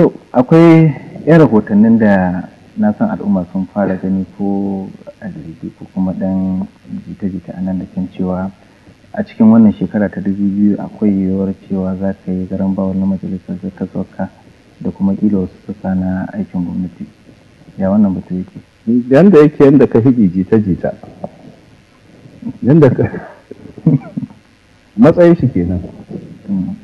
so akwai yan rahotannin da na san al'umma sun fara gani ko a jirgi ko kuma dan jita-jita a nan da kan cewa a cikin wannan shekara ta dubu biyu akwai yiwuwar cewa za ka yi garan bawon na majalisar zartaswarka da kuma kila wasu sassa na aikin gwamnati ya wannan batu yake yanda yake yanda ka higi jita-jita yanda ka matsayin shi kenan mm.